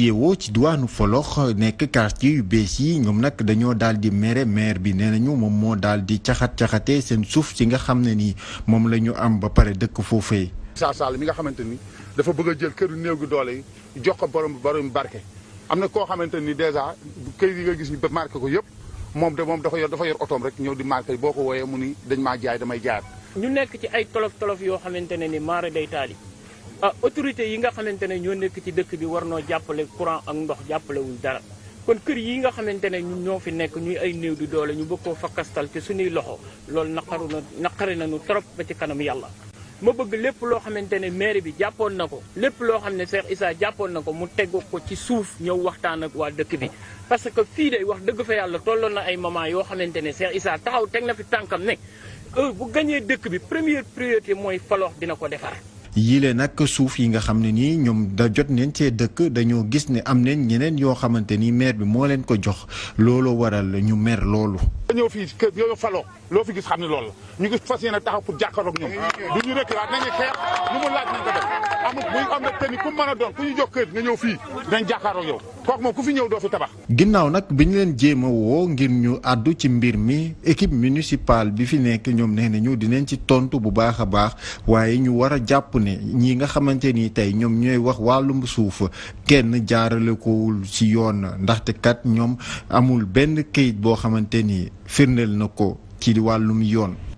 yeewoo ci diwaanu Folox nekk quartier yu bees yi ñoom nag dañoo daal di mere maire bi nee ñu moom moo daal di caxat caxatee seen suuf si nga xam ne nii moom la ñu am ba pare dëkk foofee. Sarr Sall mi nga xamante ni dafa bëgg a jël këru néew gi doole yi jox ko borom borom barke am na koo xamante ni dèjà kër yi nga gis ñu ba marqué ko yëpp moom de moom dafa yor dafa yor otoom rek ñëw di marqué boo ko wooyee mu ni dañ maa jaay damay jaar. ñu nekk ci ay tolof tolof yoo xamante ni maara ah autorité yi nga xamante ne ñoo nekk ci dëkk bi war noo jàppale courant ak ndox jàppalewuñ dara kon kër yi nga xamante ne ñu ñoo fi nekk ñuy ay néew di doole ñu bëgg koo fakkastal ci suñuy loxo loolu naqaru na naqari nañu trop ba ci kanam yàlla ma bëgg lépp loo xamante ne maire bi jàppoon na ko lépp loo xam ne Cheikh Issa jàppoon na ko mu tegu ko ci suuf ñëw waxtaan ak waa dëkk bi parce que fii day wax dëgg fa yàlla tolloon na ay moment yoo xamante ne Cheikh Issa taxaw teg na fi tànkam ne bu gañee dëkk bi première priorité mooy faloox dina ko defar yile nag suuf yi nga xam ne nii ñoom da jot neen cee dëkk dañoo gis ne am neen ñeneen yoo xamante ni maire bi moo leen ko jox looloo waral ñu mer loolu. faloo loo fi gis xam ne loolu la ñu gis fas yéene taxaw pour jàkkaarloog ñoom ku mën a doon ku ñu jox kër nga ñëw fii dañ jàkkaaroo yow kooku moom ku fi ñëw doo fi tabax. ginnaaw nag bi ñu leen jéem woo ngir ñu àddu ci mbir mi équipe municipale bi fi nekk ñoom na nañu dinañ ci tontu bu baax a baax waaye ñu war a jàpp ne ñi nga xamante ni tey ñoom ñooy wax wàllum suufa kenn jaarale kowul ci yoon ndaxte kat ñoom amul benn kayit boo xamante ni firndeel na ko ci wàllum yoon.